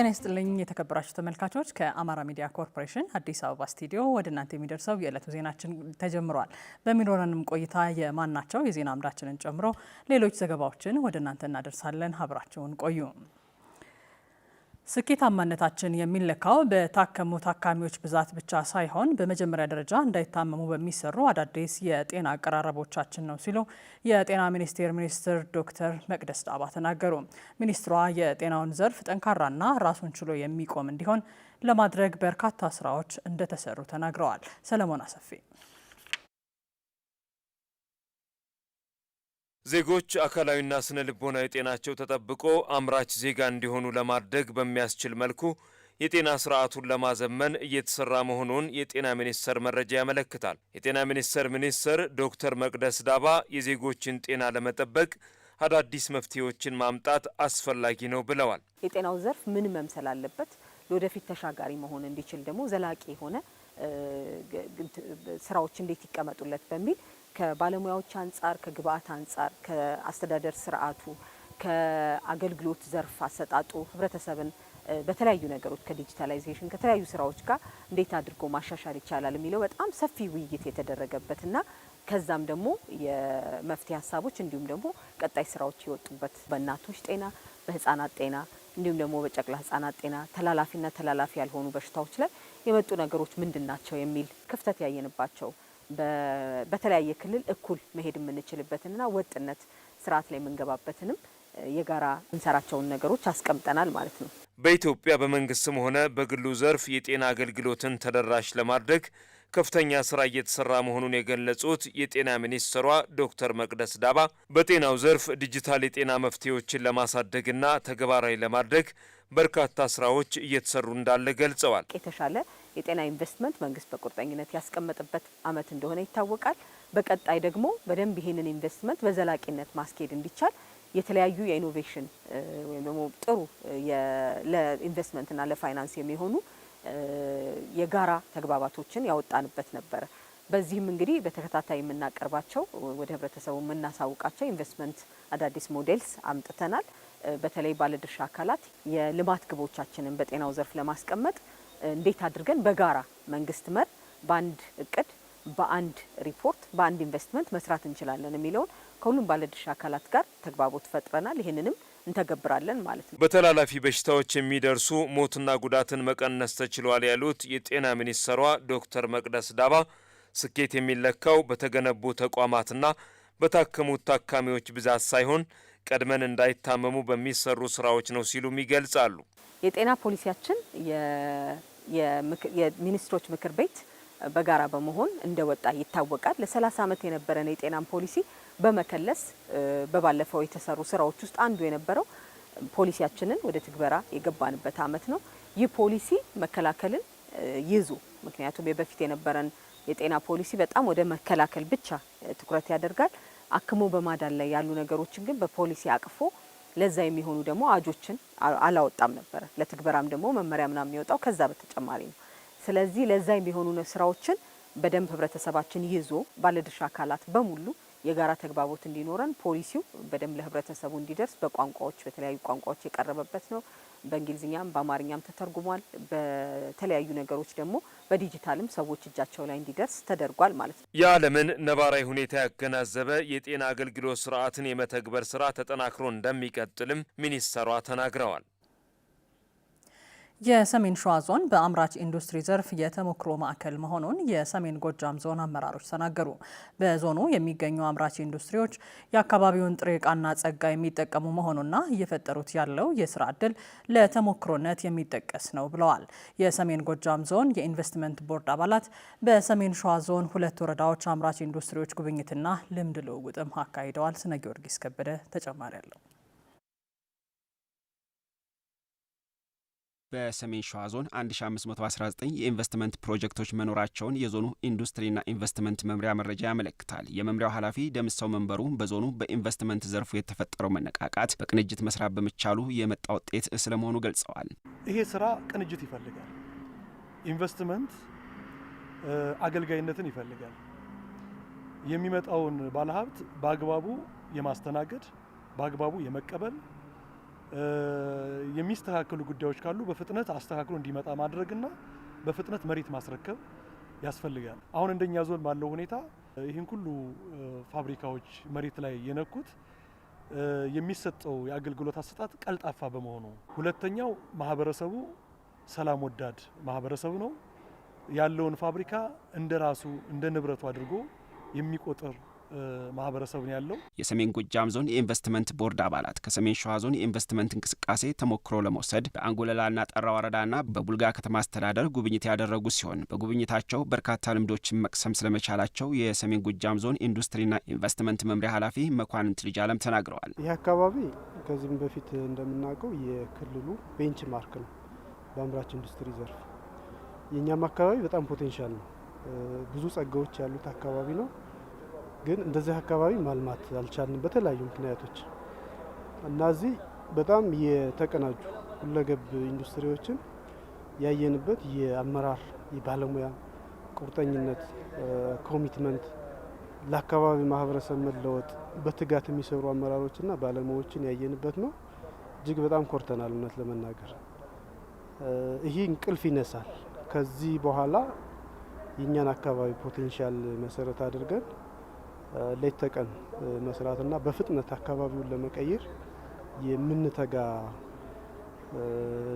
ጤና ይስጥልኝ የተከበራችሁ ተመልካቾች፣ ከአማራ ሚዲያ ኮርፖሬሽን አዲስ አበባ ስቱዲዮ ወደ እናንተ የሚደርሰው የዕለቱ ዜናችን ተጀምሯል። በሚኖረንም ቆይታ የማናቸው የዜና አምዳችንን ጨምሮ ሌሎች ዘገባዎችን ወደ እናንተ እናደርሳለን። አብራችሁን ቆዩ። ስኬታማነታችን የሚለካው በታከሙ ታካሚዎች ብዛት ብቻ ሳይሆን በመጀመሪያ ደረጃ እንዳይታመሙ በሚሰሩ አዳዲስ የጤና አቀራረቦቻችን ነው ሲሉ የጤና ሚኒስቴር ሚኒስትር ዶክተር መቅደስ ዳባ ተናገሩ። ሚኒስትሯ የጤናውን ዘርፍ ጠንካራና ራሱን ችሎ የሚቆም እንዲሆን ለማድረግ በርካታ ስራዎች እንደተሰሩ ተናግረዋል። ሰለሞን አሰፌ ዜጎች አካላዊና ስነ ልቦናዊ ጤናቸው ተጠብቆ አምራች ዜጋ እንዲሆኑ ለማድረግ በሚያስችል መልኩ የጤና ስርዓቱን ለማዘመን እየተሰራ መሆኑን የጤና ሚኒስቴር መረጃ ያመለክታል። የጤና ሚኒስቴር ሚኒስትር ዶክተር መቅደስ ዳባ የዜጎችን ጤና ለመጠበቅ አዳዲስ መፍትሄዎችን ማምጣት አስፈላጊ ነው ብለዋል። የጤናው ዘርፍ ምን መምሰል አለበት፣ ለወደፊት ተሻጋሪ መሆን እንዲችል ደግሞ ዘላቂ የሆነ ስራዎች እንዴት ይቀመጡለት በሚል ከባለሙያዎች አንጻር፣ ከግብአት አንጻር፣ ከአስተዳደር ስርዓቱ፣ ከአገልግሎት ዘርፍ አሰጣጡ ህብረተሰብን በተለያዩ ነገሮች ከዲጂታላይዜሽን ከተለያዩ ስራዎች ጋር እንዴት አድርጎ ማሻሻል ይቻላል የሚለው በጣም ሰፊ ውይይት የተደረገበትና ከዛም ደግሞ የመፍትሄ ሀሳቦች እንዲሁም ደግሞ ቀጣይ ስራዎች የወጡበት በእናቶች ጤና፣ በህፃናት ጤና እንዲሁም ደግሞ በጨቅላ ህጻናት ጤና ተላላፊና ተላላፊ ያልሆኑ በሽታዎች ላይ የመጡ ነገሮች ምንድን ናቸው የሚል ክፍተት ያየንባቸው በተለያየ ክልል እኩል መሄድ የምንችልበትንና ወጥነት ስርዓት ላይ የምንገባበትንም የጋራ እንሰራቸውን ነገሮች አስቀምጠናል ማለት ነው። በኢትዮጵያ በመንግስትም ሆነ በግሉ ዘርፍ የጤና አገልግሎትን ተደራሽ ለማድረግ ከፍተኛ ስራ እየተሰራ መሆኑን የገለጹት የጤና ሚኒስትሯ ዶክተር መቅደስ ዳባ በጤናው ዘርፍ ዲጂታል የጤና መፍትሄዎችን ለማሳደግና ተግባራዊ ለማድረግ በርካታ ስራዎች እየተሰሩ እንዳለ ገልጸዋል። የተሻለ የጤና ኢንቨስትመንት መንግስት በቁርጠኝነት ያስቀመጠበት አመት እንደሆነ ይታወቃል። በቀጣይ ደግሞ በደንብ ይህንን ኢንቨስትመንት በዘላቂነት ማስኬድ እንዲቻል የተለያዩ የኢኖቬሽን ወይም ደግሞ ጥሩ ለኢንቨስትመንትና ለፋይናንስ የሚሆኑ የጋራ ተግባባቶችን ያወጣንበት ነበረ። በዚህም እንግዲህ በተከታታይ የምናቀርባቸው ወደ ህብረተሰቡ የምናሳውቃቸው ኢንቨስትመንት አዳዲስ ሞዴልስ አምጥተናል። በተለይ ባለድርሻ አካላት የልማት ግቦቻችንን በጤናው ዘርፍ ለማስቀመጥ እንዴት አድርገን በጋራ መንግስት መር በአንድ እቅድ በአንድ ሪፖርት በአንድ ኢንቨስትመንት መስራት እንችላለን የሚለውን ከሁሉም ባለድርሻ አካላት ጋር ተግባቦት ፈጥረናል። ይህንንም እንተገብራለን ማለት ነው። በተላላፊ በሽታዎች የሚደርሱ ሞትና ጉዳትን መቀነስ ተችሏል ያሉት የጤና ሚኒስትሯ ዶክተር መቅደስ ዳባ ስኬት የሚለካው በተገነቡ ተቋማትና በታከሙት ታካሚዎች ብዛት ሳይሆን ቀድመን እንዳይታመሙ በሚሰሩ ስራዎች ነው ሲሉም ይገልጻሉ። የጤና ፖሊሲያችን የሚኒስትሮች ምክር ቤት በጋራ በመሆን እንደወጣ ይታወቃል። ለ30 ዓመት የነበረን የጤናን ፖሊሲ በመከለስ በባለፈው የተሰሩ ስራዎች ውስጥ አንዱ የነበረው ፖሊሲያችንን ወደ ትግበራ የገባንበት አመት ነው። ይህ ፖሊሲ መከላከልን ይዙ። ምክንያቱም የበፊት የነበረን የጤና ፖሊሲ በጣም ወደ መከላከል ብቻ ትኩረት ያደርጋል። አክሞ በማዳን ላይ ያሉ ነገሮችን ግን በፖሊሲ አቅፎ ለዛ የሚሆኑ ደግሞ አጆችን አላወጣም ነበረ። ለትግበራም ደግሞ መመሪያ ምናምን የሚወጣው ከዛ በተጨማሪ ነው። ስለዚህ ለዛ የሚሆኑ ስራዎችን በደንብ ህብረተሰባችን ይዞ ባለድርሻ አካላት በሙሉ የጋራ ተግባቦት እንዲኖረን ፖሊሲው በደንብ ለህብረተሰቡ እንዲደርስ በቋንቋዎች በተለያዩ ቋንቋዎች የቀረበበት ነው። በእንግሊዝኛም በአማርኛም ተተርጉሟል። በተለያዩ ነገሮች ደግሞ በዲጂታልም ሰዎች እጃቸው ላይ እንዲደርስ ተደርጓል ማለት ነው። የዓለምን ነባራዊ ሁኔታ ያገናዘበ የጤና አገልግሎት ስርዓትን የመተግበር ስራ ተጠናክሮ እንደሚቀጥልም ሚኒስትሯ ተናግረዋል። የሰሜን ሸዋ ዞን በአምራች ኢንዱስትሪ ዘርፍ የተሞክሮ ማዕከል መሆኑን የሰሜን ጎጃም ዞን አመራሮች ተናገሩ። በዞኑ የሚገኙ አምራች ኢንዱስትሪዎች የአካባቢውን ጥሬ ዕቃና ጸጋ የሚጠቀሙ መሆኑና እየፈጠሩት ያለው የስራ ዕድል ለተሞክሮነት የሚጠቀስ ነው ብለዋል። የሰሜን ጎጃም ዞን የኢንቨስትመንት ቦርድ አባላት በሰሜን ሸዋ ዞን ሁለት ወረዳዎች አምራች ኢንዱስትሪዎች ጉብኝትና ልምድ ልውውጥም አካሂደዋል። ስነ ጊዮርጊስ ከበደ ተጨማሪ አለው። በሰሜን ሸዋ ዞን 1519 የኢንቨስትመንት ፕሮጀክቶች መኖራቸውን የዞኑ ኢንዱስትሪና ኢንቨስትመንት መምሪያ መረጃ ያመለክታል። የመምሪያው ኃላፊ ደምሰው መንበሩ በዞኑ በኢንቨስትመንት ዘርፉ የተፈጠረው መነቃቃት በቅንጅት መስራት በመቻሉ የመጣ ውጤት ስለመሆኑ ገልጸዋል። ይሄ ስራ ቅንጅት ይፈልጋል። ኢንቨስትመንት አገልጋይነትን ይፈልጋል። የሚመጣውን ባለሀብት በአግባቡ የማስተናገድ በአግባቡ የመቀበል የሚስተካከሉ ጉዳዮች ካሉ በፍጥነት አስተካክሎ እንዲመጣ ማድረግና በፍጥነት መሬት ማስረከብ ያስፈልጋል። አሁን እንደኛ ዞን ባለው ሁኔታ ይህን ሁሉ ፋብሪካዎች መሬት ላይ የነኩት የሚሰጠው የአገልግሎት አሰጣጥ ቀልጣፋ በመሆኑ፣ ሁለተኛው ማህበረሰቡ ሰላም ወዳድ ማህበረሰብ ነው። ያለውን ፋብሪካ እንደ ራሱ እንደ ንብረቱ አድርጎ የሚቆጥር ማህበረሰቡን ያለው። የሰሜን ጎጃም ዞን የኢንቨስትመንት ቦርድ አባላት ከሰሜን ሸዋ ዞን የኢንቨስትመንት እንቅስቃሴ ተሞክሮ ለመውሰድ በአንጎለላና ጠራ ወረዳና በቡልጋ ከተማ አስተዳደር ጉብኝት ያደረጉ ሲሆን በጉብኝታቸው በርካታ ልምዶችን መቅሰም ስለመቻላቸው የሰሜን ጎጃም ዞን ኢንዱስትሪና ኢንቨስትመንት መምሪያ ኃላፊ መኳንንት ልጅ አለም ተናግረዋል። ይህ አካባቢ ከዚህም በፊት እንደምናውቀው የክልሉ ቤንች ማርክ ነው በአምራች ኢንዱስትሪ ዘርፍ። የእኛም አካባቢ በጣም ፖቴንሻል ነው፣ ብዙ ጸጋዎች ያሉት አካባቢ ነው። ግን እንደዚህ አካባቢ ማልማት አልቻልንም በተለያዩ ምክንያቶች እና እዚህ በጣም የተቀናጁ ሁለገብ ኢንዱስትሪዎችን ያየንበት የአመራር የባለሙያ ቁርጠኝነት፣ ኮሚትመንት ለአካባቢ ማህበረሰብ መለወጥ በትጋት የሚሰሩ አመራሮችና ባለሙያዎችን ያየንበት ነው። እጅግ በጣም ኮርተናል። እውነት ለመናገር ይህ እንቅልፍ ይነሳል። ከዚህ በኋላ የእኛን አካባቢ ፖቴንሻል መሰረት አድርገን ሌት ተቀን መስራትና በፍጥነት አካባቢውን ለመቀየር የምንተጋ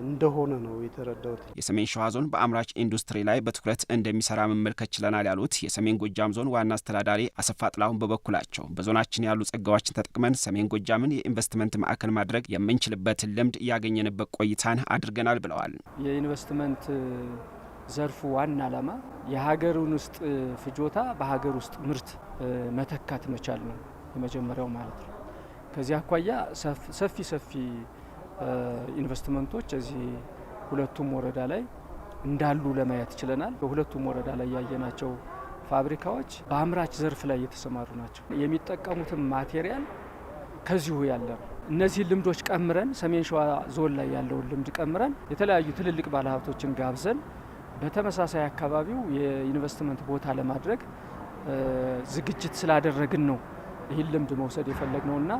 እንደሆነ ነው የተረዳሁት። የሰሜን ሸዋ ዞን በአምራች ኢንዱስትሪ ላይ በትኩረት እንደሚሰራ መመልከት ችለናል ያሉት የሰሜን ጎጃም ዞን ዋና አስተዳዳሪ አሰፋ ጥላሁን በበኩላቸው በዞናችን ያሉ ጸጋዎችን ተጠቅመን ሰሜን ጎጃምን የኢንቨስትመንት ማዕከል ማድረግ የምንችልበትን ልምድ እያገኘንበት ቆይታን አድርገናል ብለዋል። የኢንቨስትመንት ዘርፉ ዋና ዓላማ የሀገሩን ውስጥ ፍጆታ በሀገር ውስጥ ምርት መተካት መቻል ነው የመጀመሪያው ማለት ነው። ከዚህ አኳያ ሰፊ ሰፊ ኢንቨስትመንቶች እዚህ ሁለቱም ወረዳ ላይ እንዳሉ ለማየት ችለናል። በሁለቱም ወረዳ ላይ ያየናቸው ፋብሪካዎች በአምራች ዘርፍ ላይ የተሰማሩ ናቸው። የሚጠቀሙትን ማቴሪያል ከዚሁ ያለ ነው። እነዚህ ልምዶች ቀምረን ሰሜን ሸዋ ዞን ላይ ያለውን ልምድ ቀምረን የተለያዩ ትልልቅ ባለሀብቶችን ጋብዘን በተመሳሳይ አካባቢው የኢንቨስትመንት ቦታ ለማድረግ ዝግጅት ስላደረግን ነው ይህን ልምድ መውሰድ እና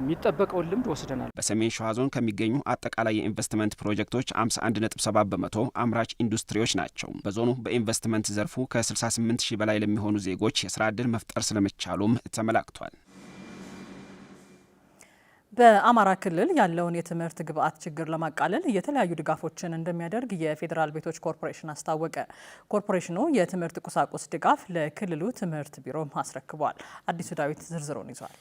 የሚጠበቀውን ልምድ ወስደናል። በሰሜን ሸዋ ዞን ከሚገኙ አጠቃላይ የኢንቨስትመንት ፕሮጀክቶች 51.7 በመቶ አምራች ኢንዱስትሪዎች ናቸው። በዞኑ በኢንቨስትመንት ዘርፉ ከ68 ሺህ በላይ ለሚሆኑ ዜጎች የስራ ዕድል መፍጠር ስለመቻሉም ተመላክቷል። በአማራ ክልል ያለውን የትምህርት ግብዓት ችግር ለማቃለል የተለያዩ ድጋፎችን እንደሚያደርግ የፌዴራል ቤቶች ኮርፖሬሽን አስታወቀ። ኮርፖሬሽኑ የትምህርት ቁሳቁስ ድጋፍ ለክልሉ ትምህርት ቢሮም አስረክቧል። አዲሱ ዳዊት ዝርዝሩን ይዟል።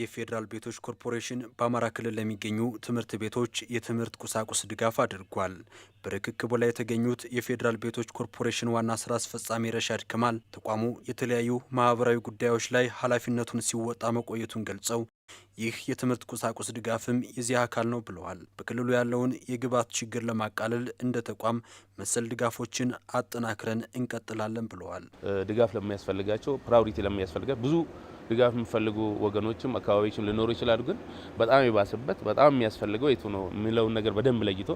የፌዴራል ቤቶች ኮርፖሬሽን በአማራ ክልል ለሚገኙ ትምህርት ቤቶች የትምህርት ቁሳቁስ ድጋፍ አድርጓል። በርክክቡ ላይ የተገኙት የፌዴራል ቤቶች ኮርፖሬሽን ዋና ስራ አስፈጻሚ ረሻድ ክማል ተቋሙ የተለያዩ ማህበራዊ ጉዳዮች ላይ ኃላፊነቱን ሲወጣ መቆየቱን ገልጸው ይህ የትምህርት ቁሳቁስ ድጋፍም የዚህ አካል ነው ብለዋል። በክልሉ ያለውን የግብዓት ችግር ለማቃለል እንደ ተቋም መሰል ድጋፎችን አጠናክረን እንቀጥላለን ብለዋል። ድጋፍ ለሚያስፈልጋቸው ፕራዮሪቲ ለሚያስፈልጋቸው ብዙ ድጋፍ የሚፈልጉ ወገኖችም አካባቢዎችም ሊኖሩ ይችላሉ። ግን በጣም የባሰበት በጣም የሚያስፈልገው የቱ ነው የሚለውን ነገር በደንብ ለይቶ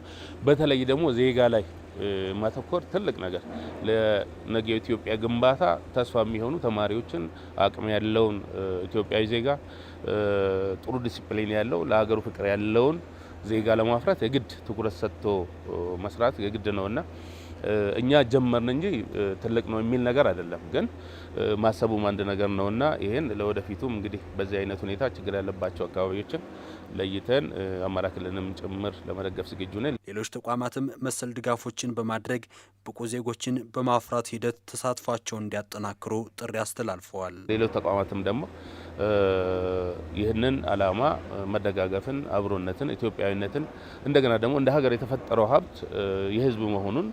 በተለይ ደግሞ ዜጋ ላይ ማተኮር ትልቅ ነገር ለነገ ኢትዮጵያ ግንባታ ተስፋ የሚሆኑ ተማሪዎችን አቅም ያለውን ኢትዮጵያዊ ዜጋ ጥሩ ዲሲፕሊን ያለው ለሀገሩ ፍቅር ያለውን ዜጋ ለማፍራት የግድ ትኩረት ሰጥቶ መስራት የግድ ነውና እኛ ጀመርን እንጂ ትልቅ ነው የሚል ነገር አይደለም። ግን ማሰቡም አንድ ነገር ነው እና ይህን ለወደፊቱም እንግዲህ በዚህ አይነት ሁኔታ ችግር ያለባቸው አካባቢዎችን ለይተን አማራ ክልልንም ጭምር ለመደገፍ ዝግጁ ነን። ሌሎች ተቋማትም መሰል ድጋፎችን በማድረግ ብቁ ዜጎችን በማፍራት ሂደት ተሳትፏቸውን እንዲያጠናክሩ ጥሪ አስተላልፈዋል። ሌሎች ተቋማትም ደግሞ ይህንን ዓላማ መደጋገፍን፣ አብሮነትን፣ ኢትዮጵያዊነትን እንደገና ደግሞ እንደ ሀገር የተፈጠረው ሀብት የህዝብ መሆኑን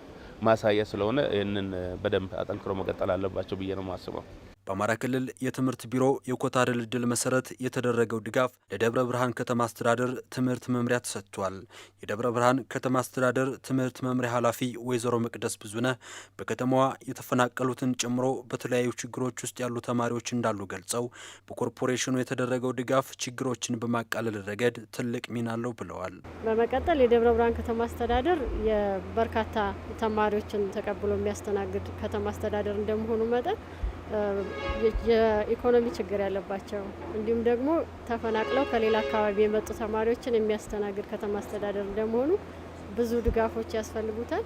ማሳያ ስለሆነ ይህንን በደንብ አጠንክሮ መቀጠል አለባቸው ብዬ ነው የማስበው። በአማራ ክልል የትምህርት ቢሮ የኮታ ድልድል መሰረት የተደረገው ድጋፍ ለደብረ ብርሃን ከተማ አስተዳደር ትምህርት መምሪያ ተሰጥቷል። የደብረ ብርሃን ከተማ አስተዳደር ትምህርት መምሪያ ኃላፊ ወይዘሮ መቅደስ ብዙነህ በከተማዋ የተፈናቀሉትን ጨምሮ በተለያዩ ችግሮች ውስጥ ያሉ ተማሪዎች እንዳሉ ገልጸው በኮርፖሬሽኑ የተደረገው ድጋፍ ችግሮችን በማቃለል ረገድ ትልቅ ሚና አለው ብለዋል። በመቀጠል የደብረ ብርሃን ከተማ አስተዳደር የበርካታ ተማሪዎችን ተቀብሎ የሚያስተናግድ ከተማ አስተዳደር እንደመሆኑ መጠን የኢኮኖሚ ችግር ያለባቸው እንዲሁም ደግሞ ተፈናቅለው ከሌላ አካባቢ የመጡ ተማሪዎችን የሚያስተናግድ ከተማ አስተዳደር እንደመሆኑ ብዙ ድጋፎች ያስፈልጉታል።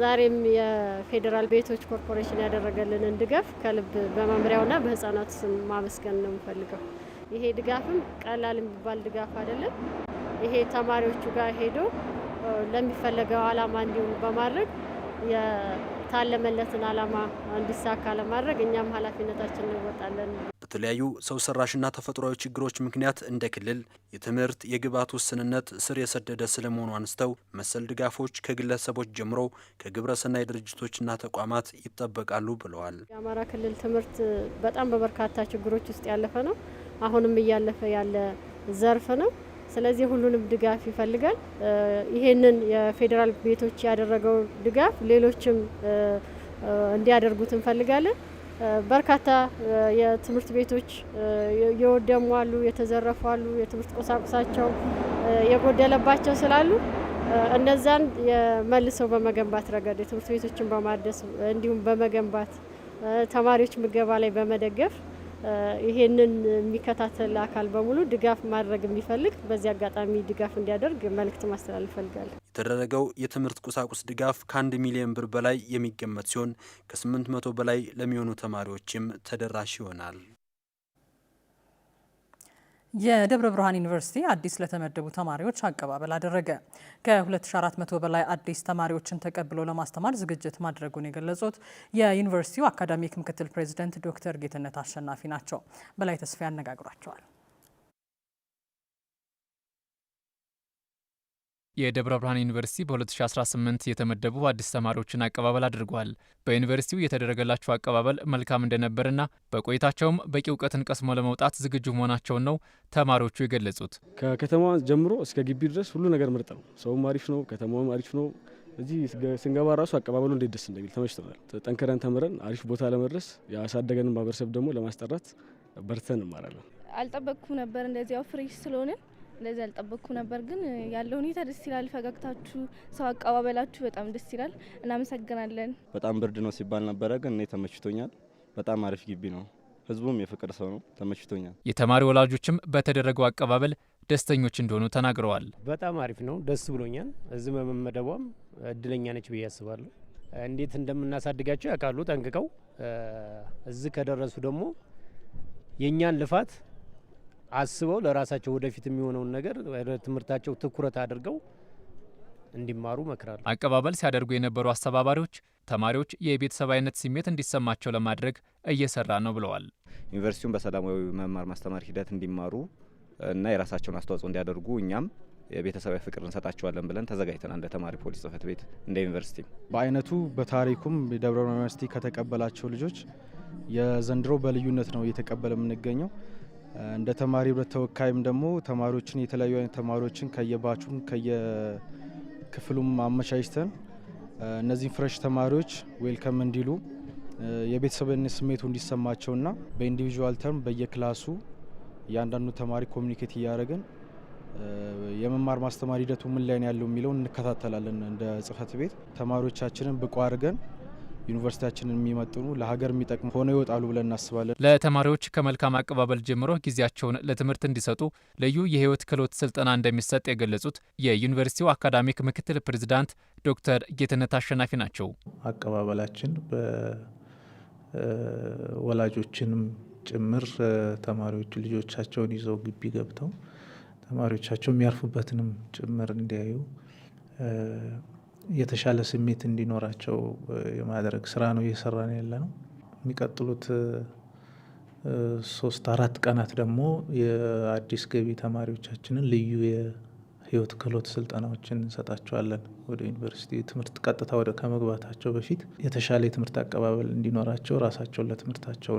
ዛሬም የፌዴራል ቤቶች ኮርፖሬሽን ያደረገልንን ድጋፍ ከልብ በመምሪያውና በሕፃናቱ ስም ማመስገን ነው የምፈልገው። ይሄ ድጋፍም ቀላል የሚባል ድጋፍ አይደለም። ይሄ ተማሪዎቹ ጋር ሄዶ ለሚፈለገው ዓላማ እንዲሁም በማድረግ ታለመለትን ዓላማ እንዲሳካ ለማድረግ እኛም ኃላፊነታችንን እንወጣለን። በተለያዩ ሰው ሰራሽና ተፈጥሯዊ ችግሮች ምክንያት እንደ ክልል የትምህርት የግብዓት ውስንነት ስር የሰደደ ስለመሆኑ አንስተው መሰል ድጋፎች ከግለሰቦች ጀምሮ ከግብረሰናይ ድርጅቶችና ተቋማት ይጠበቃሉ ብለዋል። የአማራ ክልል ትምህርት በጣም በበርካታ ችግሮች ውስጥ ያለፈ ነው። አሁንም እያለፈ ያለ ዘርፍ ነው። ስለዚህ ሁሉንም ድጋፍ ይፈልጋል። ይሄንን የፌዴራል ቤቶች ያደረገው ድጋፍ ሌሎችም እንዲያደርጉት እንፈልጋለን። በርካታ የትምህርት ቤቶች የወደሙ አሉ፣ የተዘረፉ አሉ፣ የትምህርት ቁሳቁሳቸው የጎደለባቸው ስላሉ እነዛን መልሰው በመገንባት ረገድ የትምህርት ቤቶችን በማደስ እንዲሁም በመገንባት ተማሪዎች ምገባ ላይ በመደገፍ ይሄንን የሚከታተል አካል በሙሉ ድጋፍ ማድረግ የሚፈልግ በዚህ አጋጣሚ ድጋፍ እንዲያደርግ መልእክት ማስተላለፍ እፈልጋለሁ። የተደረገው የትምህርት ቁሳቁስ ድጋፍ ከአንድ ሚሊዮን ብር በላይ የሚገመት ሲሆን ከ800 በላይ ለሚሆኑ ተማሪዎችም ተደራሽ ይሆናል። የደብረ ብርሃን ዩኒቨርሲቲ አዲስ ለተመደቡ ተማሪዎች አቀባበል አደረገ። ከ2400 በላይ አዲስ ተማሪዎችን ተቀብሎ ለማስተማር ዝግጅት ማድረጉን የገለጹት የዩኒቨርሲቲው አካዳሚክ ምክትል ፕሬዚደንት ዶክተር ጌትነት አሸናፊ ናቸው። በላይ ተስፋ ያነጋግሯቸዋል። የደብረ ብርሃን ዩኒቨርሲቲ በ2018 የተመደቡ አዲስ ተማሪዎችን አቀባበል አድርጓል። በዩኒቨርሲቲው የተደረገላቸው አቀባበል መልካም እንደነበርና በቆይታቸውም በቂ እውቀትን ቀስሞ ለመውጣት ዝግጁ መሆናቸውን ነው ተማሪዎቹ የገለጹት። ከከተማ ጀምሮ እስከ ግቢ ድረስ ሁሉ ነገር ምርጥ ነው። ሰውም አሪፍ ነው፣ ከተማውም አሪፍ ነው። እዚህ ስንገባ ራሱ አቀባበሉ እንዴት ደስ እንደሚል ተመችቶናል። ጠንክረን ተምረን አሪፍ ቦታ ለመድረስ ያሳደገንን ማህበረሰብ ደግሞ ለማስጠራት በርተን እንማራለን። አልጠበቅኩ ነበር እንደዚያው ፍሬሽ ስለሆንን እንደዚህ ያልጠበቅኩ ነበር፣ ግን ያለው ሁኔታ ደስ ይላል። ፈገግታችሁ፣ ሰው አቀባበላችሁ በጣም ደስ ይላል። እናመሰግናለን። በጣም ብርድ ነው ሲባል ነበረ፣ ግን እኔ ተመችቶኛል። በጣም አሪፍ ግቢ ነው። ህዝቡም የፍቅር ሰው ነው። ተመችቶኛል። የተማሪ ወላጆችም በተደረገው አቀባበል ደስተኞች እንደሆኑ ተናግረዋል። በጣም አሪፍ ነው። ደስ ብሎኛል። እዚህ በመመደቧም እድለኛ ነች ብዬ አስባለሁ። እንዴት እንደምናሳድጋቸው ያውቃሉ ጠንቅቀው። እዚህ ከደረሱ ደግሞ የእኛን ልፋት አስበው ለራሳቸው ወደፊት የሚሆነውን ነገር ትምህርታቸው ትኩረት አድርገው እንዲማሩ መክራሉ። አቀባበል ሲያደርጉ የነበሩ አስተባባሪዎች ተማሪዎች የቤተሰብ አይነት ስሜት እንዲሰማቸው ለማድረግ እየሰራ ነው ብለዋል። ዩኒቨርሲቲውን በሰላማዊ መማር ማስተማር ሂደት እንዲማሩ እና የራሳቸውን አስተዋጽኦ እንዲያደርጉ እኛም የቤተሰባዊ ፍቅር እንሰጣቸዋለን ብለን ተዘጋጅተናል። እንደ ተማሪ ፖሊስ ጽህፈት ቤት እንደ ዩኒቨርሲቲ በአይነቱ በታሪኩም የደብረ ዩኒቨርሲቲ ከተቀበላቸው ልጆች የዘንድሮ በልዩነት ነው እየተቀበለ የምንገኘው። እንደ ተማሪ ህብረት ተወካይም ደግሞ ተማሪዎችን የተለያዩ አይነት ተማሪዎችን ከየባቹም ከየክፍሉም አመቻችተን እነዚህን ፍረሽ ተማሪዎች ዌልከም እንዲሉ የቤተሰብነት ስሜቱ እንዲሰማቸውና በኢንዲቪዥዋል ተርም በየክላሱ እያንዳንዱ ተማሪ ኮሚኒኬት እያደረግን የመማር ማስተማር ሂደቱ ምን ላይ ነው ያለው የሚለውን እንከታተላለን። እንደ ጽህፈት ቤት ተማሪዎቻችንን ብቁ አድርገን ዩኒቨርሲቲያችንን የሚመጥኑ ለሀገር የሚጠቅሙ ሆነው ይወጣሉ ብለን እናስባለን። ለተማሪዎች ከመልካም አቀባበል ጀምሮ ጊዜያቸውን ለትምህርት እንዲሰጡ ልዩ የህይወት ክህሎት ስልጠና እንደሚሰጥ የገለጹት የዩኒቨርሲቲው አካዳሚክ ምክትል ፕሬዚዳንት ዶክተር ጌትነት አሸናፊ ናቸው። አቀባበላችን በወላጆችንም ጭምር ተማሪዎቹ ልጆቻቸውን ይዘው ግቢ ገብተው ተማሪዎቻቸው የሚያርፉበትንም ጭምር እንዲያዩ የተሻለ ስሜት እንዲኖራቸው የማድረግ ስራ ነው እየሰራን ያለ ነው። የሚቀጥሉት ሶስት አራት ቀናት ደግሞ የአዲስ ገቢ ተማሪዎቻችንን ልዩ የህይወት ክህሎት ስልጠናዎችን እንሰጣቸዋለን። ወደ ዩኒቨርሲቲ ትምህርት ቀጥታ ወደ ከመግባታቸው በፊት የተሻለ የትምህርት አቀባበል እንዲኖራቸው ራሳቸውን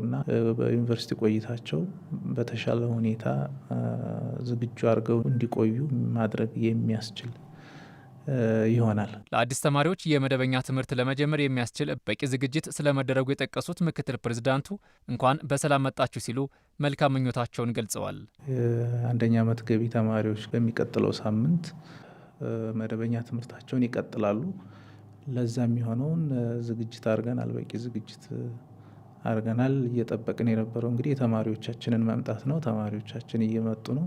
እና በዩኒቨርሲቲ ቆይታቸው በተሻለ ሁኔታ ዝግጁ አድርገው እንዲቆዩ ማድረግ የሚያስችል ይሆናል። ለአዲስ ተማሪዎች የመደበኛ ትምህርት ለመጀመር የሚያስችል በቂ ዝግጅት ስለመደረጉ የጠቀሱት ምክትል ፕሬዝዳንቱ እንኳን በሰላም መጣችሁ ሲሉ መልካም ምኞታቸውን ገልጸዋል። የአንደኛ ዓመት ገቢ ተማሪዎች በሚቀጥለው ሳምንት መደበኛ ትምህርታቸውን ይቀጥላሉ። ለዛ የሚሆነውን ዝግጅት አድርገናል። በቂ ዝግጅት አድርገናል። እየጠበቅን የነበረው እንግዲህ የተማሪዎቻችንን መምጣት ነው። ተማሪዎቻችን እየመጡ ነው።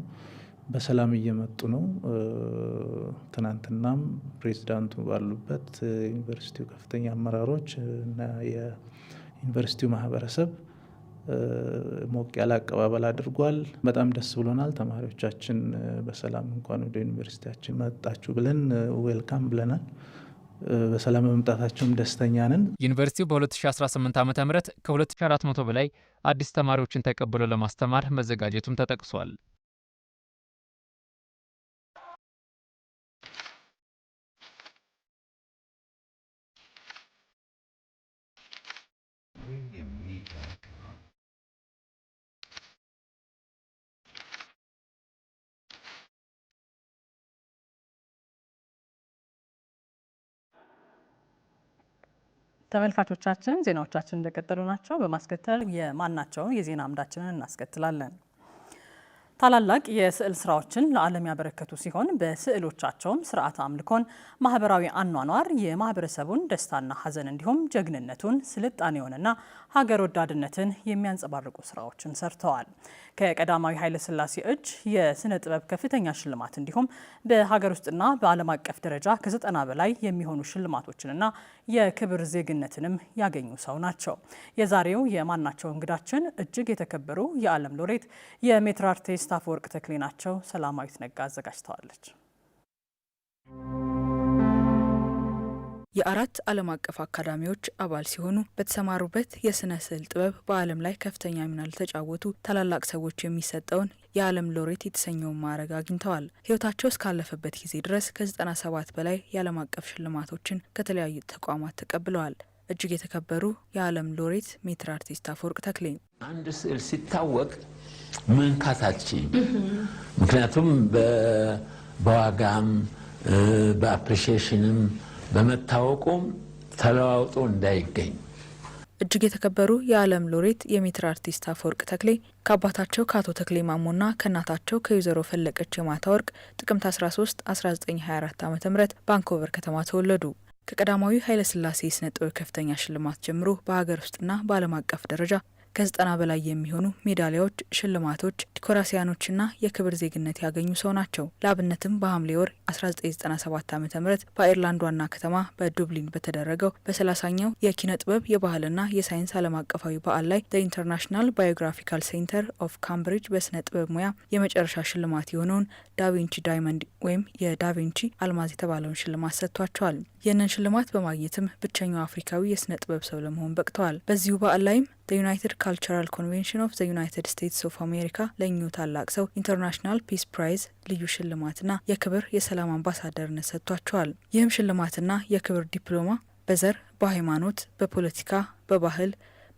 በሰላም እየመጡ ነው። ትናንትናም ፕሬዚዳንቱ ባሉበት ዩኒቨርሲቲው ከፍተኛ አመራሮች እና የዩኒቨርሲቲው ማህበረሰብ ሞቅ ያለ አቀባበል አድርጓል። በጣም ደስ ብሎናል። ተማሪዎቻችን በሰላም እንኳን ወደ ዩኒቨርሲቲያችን መጣችሁ ብለን ዌልካም ብለናል። በሰላም በመምጣታቸውም ደስተኛ ነን። ዩኒቨርሲቲው በ2018 ዓ ም ከ2400 በላይ አዲስ ተማሪዎችን ተቀብሎ ለማስተማር መዘጋጀቱም ተጠቅሷል። ተመልካቾቻችን ዜናዎቻችን እንደቀጠሉ ናቸው። በማስከተል የማናቸውን የዜና አምዳችንን እናስከትላለን። ታላላቅ የስዕል ስራዎችን ለዓለም ያበረከቱ ሲሆን በስዕሎቻቸውም ስርዓተ አምልኮን፣ ማህበራዊ አኗኗር፣ የማህበረሰቡን ደስታና ሐዘን እንዲሁም ጀግንነቱን ስልጣኔውንና ሀገር ወዳድነትን የሚያንጸባርቁ ስራዎችን ሰርተዋል። ከቀዳማዊ ኃይለ እጅ የስነ ጥበብ ከፍተኛ ሽልማት እንዲሁም በሀገር ውስጥና በዓለም አቀፍ ደረጃ ከዘጠና በላይ የሚሆኑ ሽልማቶችንና የክብር ዜግነትንም ያገኙ ሰው ናቸው። የዛሬው የማናቸው እንግዳችን እጅግ የተከበሩ የዓለም ሎሬት የሜትር አርቲስት አፈወርቅ ተክሌ ናቸው። ሰላማዊት ነጋ አዘጋጅተዋለች። የአራት ዓለም አቀፍ አካዳሚዎች አባል ሲሆኑ በተሰማሩበት የስነ ስዕል ጥበብ በዓለም ላይ ከፍተኛ ሚና ለተጫወቱ ታላላቅ ሰዎች የሚሰጠውን የዓለም ሎሬት የተሰኘውን ማዕረግ አግኝተዋል። ሕይወታቸው እስካለፈበት ጊዜ ድረስ ከ97 በላይ የዓለም አቀፍ ሽልማቶችን ከተለያዩ ተቋማት ተቀብለዋል። እጅግ የተከበሩ የዓለም ሎሬት ሜትር አርቲስት አፈወርቅ ተክሌ አንድ ስዕል ሲታወቅ መንካት ምክንያቱም በዋጋም በአፕሪሺዬሽንም በመታወቁም ተለዋውጦ እንዳይገኝ እጅግ የተከበሩ የዓለም ሎሬት የሜትር አርቲስት አፈወርቅ ተክሌ ከአባታቸው ከአቶ ተክሌ ማሞና ከእናታቸው ከወይዘሮ ፈለቀች የማታ ወርቅ ጥቅምት 13 1924 ዓ ም ባንኮቨር ከተማ ተወለዱ። ከቀዳማዊ ኃይለስላሴ ስነ ጥበብ ከፍተኛ ሽልማት ጀምሮ በሀገር ውስጥና በዓለም አቀፍ ደረጃ ከዘጠና በላይ የሚሆኑ ሜዳሊያዎች፣ ሽልማቶች፣ ዲኮራሲያኖችና የክብር ዜግነት ያገኙ ሰው ናቸው። ለአብነትም በሐምሌ ወር 1997 ዓ ም በአይርላንድ ዋና ከተማ በዱብሊን በተደረገው በሰላሳኛው የኪነ ጥበብ የባህልና የሳይንስ ዓለም አቀፋዊ በዓል ላይ ኢንተርናሽናል ባዮግራፊካል ሴንተር ኦፍ ካምብሪጅ በስነ ጥበብ ሙያ የመጨረሻ ሽልማት የሆነውን ዳቪንቺ ዳይመንድ ወይም የዳቪንቺ አልማዝ የተባለውን ሽልማት ሰጥቷቸዋል። ይህንን ሽልማት በማግኘትም ብቸኛው አፍሪካዊ የስነ ጥበብ ሰው ለመሆን በቅተዋል። በዚሁ በዓል ላይም ዩናይትድ ካልቸራል ኮንቬንሽን ኦፍ ዘ ዩናይትድ ስቴትስ ኦፍ አሜሪካ ለእኚሁ ታላቅ ሰው ኢንተርናሽናል ፒስ ፕራይዝ ልዩ ሽልማትና የክብር የሰላም አምባሳደርነት ሰጥቷቸዋል። ይህም ሽልማትና የክብር ዲፕሎማ በዘር፣ በሃይማኖት፣ በፖለቲካ፣ በባህል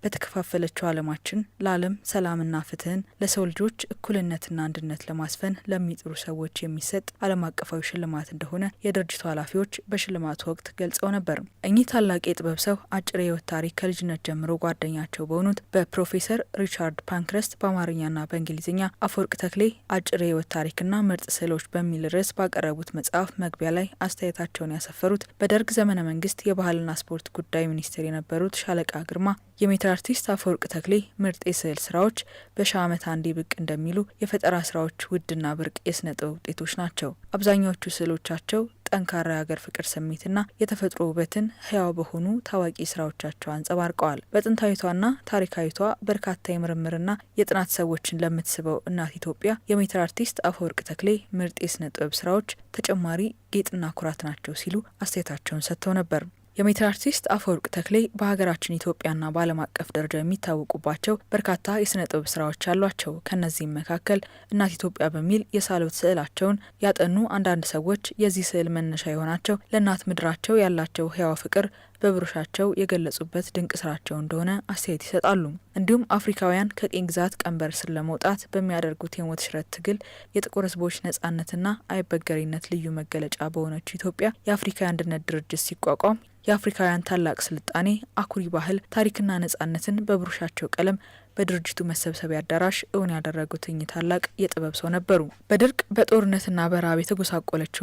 በተከፋፈለችው ዓለማችን ለዓለም ሰላምና ፍትህን ለሰው ልጆች እኩልነትና አንድነት ለማስፈን ለሚጥሩ ሰዎች የሚሰጥ ዓለም አቀፋዊ ሽልማት እንደሆነ የድርጅቱ ኃላፊዎች በሽልማቱ ወቅት ገልጸው ነበር። እኚህ ታላቅ የጥበብ ሰው አጭር የህይወት ታሪክ ከልጅነት ጀምሮ ጓደኛቸው በሆኑት በፕሮፌሰር ሪቻርድ ፓንክረስት በአማርኛና በእንግሊዝኛ አፈወርቅ ተክሌ አጭር የህይወት ታሪክና ምርጥ ስዕሎች በሚል ርዕስ ባቀረቡት መጽሐፍ መግቢያ ላይ አስተያየታቸውን ያሰፈሩት በደርግ ዘመነ መንግስት የባህልና ስፖርት ጉዳይ ሚኒስትር የነበሩት ሻለቃ ግርማ የሜትር አርቲስት አፈወርቅ ተክሌ ምርጥ የስዕል ስራዎች በሺ ዓመት አንዴ ብቅ እንደሚሉ የፈጠራ ስራዎች ውድና ብርቅ የስነ ጥበብ ውጤቶች ናቸው። አብዛኛዎቹ ስዕሎቻቸው ጠንካራ የሀገር ፍቅር ስሜትና የተፈጥሮ ውበትን ህያው በሆኑ ታዋቂ ስራዎቻቸው አንጸባርቀዋል። በጥንታዊቷና ታሪካዊቷ በርካታ የምርምርና የጥናት ሰዎችን ለምትስበው እናት ኢትዮጵያ የሜትር አርቲስት አፈወርቅ ተክሌ ምርጥ የስነ ጥበብ ስራዎች ተጨማሪ ጌጥና ኩራት ናቸው ሲሉ አስተያየታቸውን ሰጥተው ነበር። የሜትር አርቲስት አፈወርቅ ተክሌ በሀገራችን ኢትዮጵያና በዓለም አቀፍ ደረጃ የሚታወቁባቸው በርካታ የስነ ጥበብ ስራዎች አሏቸው። ከእነዚህም መካከል እናት ኢትዮጵያ በሚል የሳሉት ስዕላቸውን ያጠኑ አንዳንድ ሰዎች የዚህ ስዕል መነሻ የሆናቸው ለእናት ምድራቸው ያላቸው ህያው ፍቅር በብሮሻቸው የገለጹበት ድንቅ ስራቸው እንደሆነ አስተያየት ይሰጣሉ። እንዲሁም አፍሪካውያን ከቅኝ ግዛት ቀንበር ስር ለመውጣት በሚያደርጉት የሞት ሽረት ትግል የጥቁር ህዝቦች ነጻነትና አይበገሪነት ልዩ መገለጫ በሆነችው ኢትዮጵያ የአፍሪካ አንድነት ድርጅት ሲቋቋም የአፍሪካውያን ታላቅ ስልጣኔ፣ አኩሪ ባህል፣ ታሪክና ነጻነትን በብሩሻቸው ቀለም በድርጅቱ መሰብሰቢያ አዳራሽ እውን ያደረጉት ታላቅ የጥበብ ሰው ነበሩ። በድርቅ በጦርነትና በረሃብ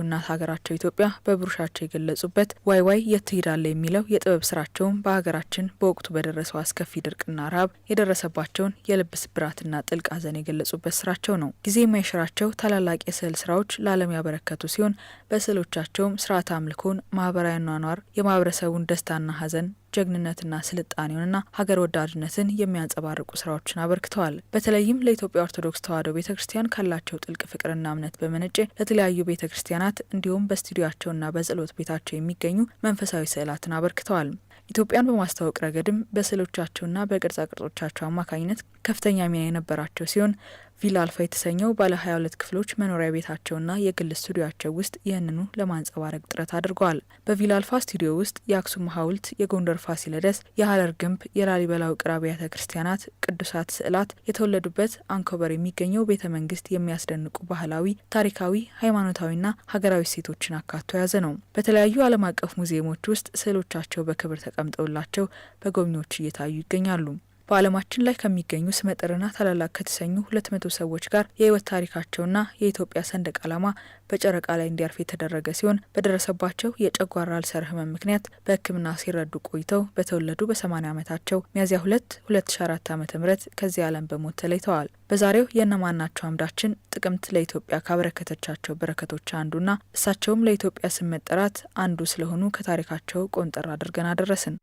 እናት ሀገራቸው ኢትዮጵያ በብሩሻቸው የገለጹበት ዋይ ዋይ የት ትሄዳለ የሚለው የጥበብ ስራቸውም በሀገራችን በወቅቱ በደረሰው አስከፊ ድርቅና ረሃብ የደረሰባቸውን የልብ ስብራትና ጥልቅ ሐዘን የገለጹበት ስራቸው ነው። ጊዜ የማይሽራቸው ታላላቅ የስዕል ስራዎች ለዓለም ያበረከቱ ሲሆን በስዕሎቻቸውም ስርዓት አምልኮን፣ ማህበራዊ ኗኗር፣ የማህበረሰቡን ደስታና ሐዘን ጀግንነትና ስልጣኔውንና ሀገር ወዳድነትን የሚያንጸባርቁ ስራዎችን አበርክተዋል። በተለይም ለኢትዮጵያ ኦርቶዶክስ ተዋሕዶ ቤተ ክርስቲያን ካላቸው ጥልቅ ፍቅርና እምነት በመነጨ ለተለያዩ ቤተ ክርስቲያናት እንዲሁም በስቱዲዮቸውና በጸሎት ቤታቸው የሚገኙ መንፈሳዊ ስዕላትን አበርክተዋል። ኢትዮጵያን በማስተዋወቅ ረገድም በስዕሎቻቸውና በቅርጻ ቅርጾቻቸው አማካኝነት ከፍተኛ ሚና የነበራቸው ሲሆን ቪላ አልፋ የተሰኘው ባለ 22 ክፍሎች መኖሪያ ቤታቸውና የግል ስቱዲዮቸው ውስጥ ይህንኑ ለማንጸባረቅ ጥረት አድርገዋል። በቪላ አልፋ ስቱዲዮ ውስጥ የአክሱም ሐውልት፣ የጎንደር ፋሲለደስ፣ የሀረር ግንብ፣ የላሊበላ ውቅር አብያተ ክርስቲያናት፣ ቅዱሳት ስዕላት፣ የተወለዱበት አንኮበር የሚገኘው ቤተ መንግስት የሚያስደንቁ ባህላዊ፣ ታሪካዊ፣ ሃይማኖታዊና ሀገራዊ እሴቶችን አካቶ የያዘ ነው። በተለያዩ ዓለም አቀፍ ሙዚየሞች ውስጥ ስዕሎቻቸው በክብር ተቀምጠውላቸው በጎብኚዎች እየታዩ ይገኛሉ። በዓለማችን ላይ ከሚገኙ ስመጥርና ታላላቅ ከተሰኙ ሁለት መቶ ሰዎች ጋር የህይወት ታሪካቸውና የኢትዮጵያ ሰንደቅ ዓላማ በጨረቃ ላይ እንዲያርፍ የተደረገ ሲሆን በደረሰባቸው የጨጓራ አልሰር ህመም ምክንያት በሕክምና ሲረዱ ቆይተው በተወለዱ በ80 ዓመታቸው ሚያዝያ 2 2004 ዓ ም ከዚህ ዓለም በሞት ተለይተዋል። በዛሬው የእነማናቸው አምዳችን ጥቅምት ለኢትዮጵያ ካበረከተቻቸው በረከቶች አንዱና እሳቸውም ለኢትዮጵያ ስም መጠራት አንዱ ስለሆኑ ከታሪካቸው ቆንጠር አድርገን አደረስን።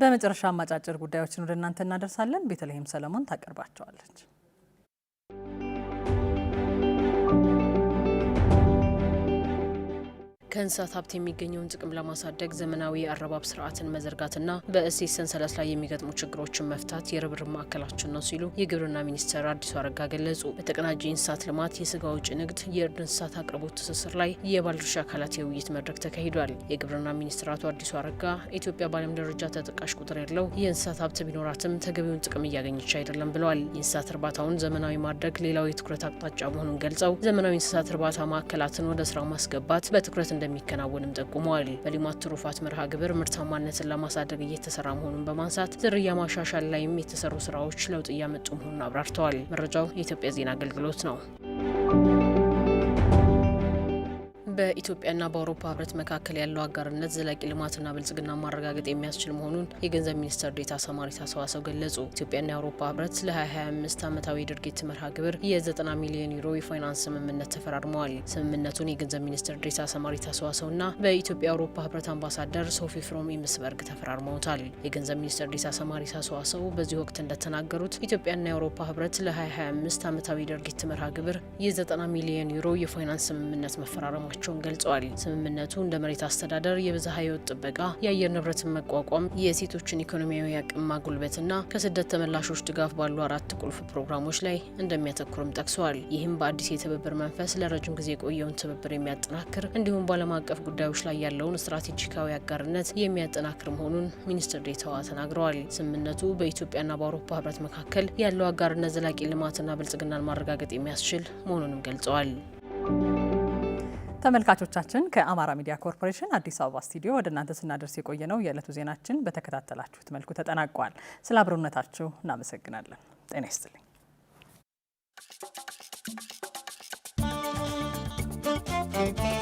በመጨረሻ አጫጭር ጉዳዮችን ወደ እናንተ እናደርሳለን። ቤተልሔም ሰለሞን ታቀርባቸዋለች። ከእንስሳት ሀብት የሚገኘውን ጥቅም ለማሳደግ ዘመናዊ የአረባብ ስርዓትን መዘርጋትና በእሴት ሰንሰለት ላይ የሚገጥሙ ችግሮችን መፍታት የርብርብ ማዕከላችን ነው ሲሉ የግብርና ሚኒስትር አዲሱ አረጋ ገለጹ። በተቀናጀ የእንስሳት ልማት፣ የስጋ ውጭ ንግድ፣ የእርድ እንስሳት አቅርቦት ትስስር ላይ የባለድርሻ አካላት የውይይት መድረክ ተካሂዷል። የግብርና ሚኒስትር አቶ አዲሱ አረጋ ኢትዮጵያ በዓለም ደረጃ ተጠቃሽ ቁጥር ያለው የእንስሳት ሀብት ቢኖራትም ተገቢውን ጥቅም እያገኘች አይደለም ብለዋል። የእንስሳት እርባታውን ዘመናዊ ማድረግ ሌላው የትኩረት አቅጣጫ መሆኑን ገልጸው ዘመናዊ እንስሳት እርባታ ማዕከላትን ወደ ስራ ማስገባት በትኩረት እንደሚከናወንም ጠቁመዋል። በሌማት ትሩፋት መርሃ ግብር ምርታማነትን ለማሳደግ እየተሰራ መሆኑን በማንሳት ዝርያ ማሻሻል ላይም የተሰሩ ስራዎች ለውጥ እያመጡ መሆኑን አብራርተዋል። መረጃው የኢትዮጵያ ዜና አገልግሎት ነው። በኢትዮጵያና በአውሮፓ ህብረት መካከል ያለው አጋርነት ዘላቂ ልማትና ብልጽግና ማረጋገጥ የሚያስችል መሆኑን የገንዘብ ሚኒስትር ዴታ ሰማሪት አሰዋሰው ገለጹ። ኢትዮጵያና የአውሮፓ ህብረት ለ2025 ዓመታዊ ድርጊት መርሃ ግብር የ90 ሚሊዮን ዩሮ የፋይናንስ ስምምነት ተፈራርመዋል። ስምምነቱን የገንዘብ ሚኒስትር ዴታ ሰማሪት አሰዋሰውና በኢትዮጵያ የአውሮፓ ህብረት አምባሳደር ሶፊ ፍሮም ኢምስበርግ ተፈራርመውታል። የገንዘብ ሚኒስትር ዴታ ሰማሪት አሰዋሰው በዚህ ወቅት እንደተናገሩት ኢትዮጵያና የአውሮፓ ህብረት ለ2025 ዓመታዊ ድርጊት መርሃ ግብር የ90 ሚሊዮን ዩሮ የፋይናንስ ስምምነት መፈራረማቸው መሆናቸውን ገልጸዋል። ስምምነቱ እንደ መሬት አስተዳደር፣ የብዝሃ ሕይወት ጥበቃ፣ የአየር ንብረትን መቋቋም፣ የሴቶችን ኢኮኖሚያዊ አቅም ማጉልበትና ከስደት ተመላሾች ድጋፍ ባሉ አራት ቁልፍ ፕሮግራሞች ላይ እንደሚያተኩርም ጠቅሰዋል። ይህም በአዲስ የትብብር መንፈስ ለረጅም ጊዜ የቆየውን ትብብር የሚያጠናክር እንዲሁም በዓለም አቀፍ ጉዳዮች ላይ ያለውን ስትራቴጂካዊ አጋርነት የሚያጠናክር መሆኑን ሚኒስትር ዴታዋ ተናግረዋል። ስምምነቱ በኢትዮጵያና በአውሮፓ ህብረት መካከል ያለው አጋርነት ዘላቂ ልማትና ብልጽግናን ማረጋገጥ የሚያስችል መሆኑንም ገልጸዋል። ተመልካቾቻችን ከአማራ ሚዲያ ኮርፖሬሽን አዲስ አበባ ስቱዲዮ ወደ እናንተ ስናደርስ የቆየ ነው የዕለቱ ዜናችን በተከታተላችሁት መልኩ ተጠናቋል። ስለ አብሮነታችሁ እናመሰግናለን። ጤና ይስጥልኝ።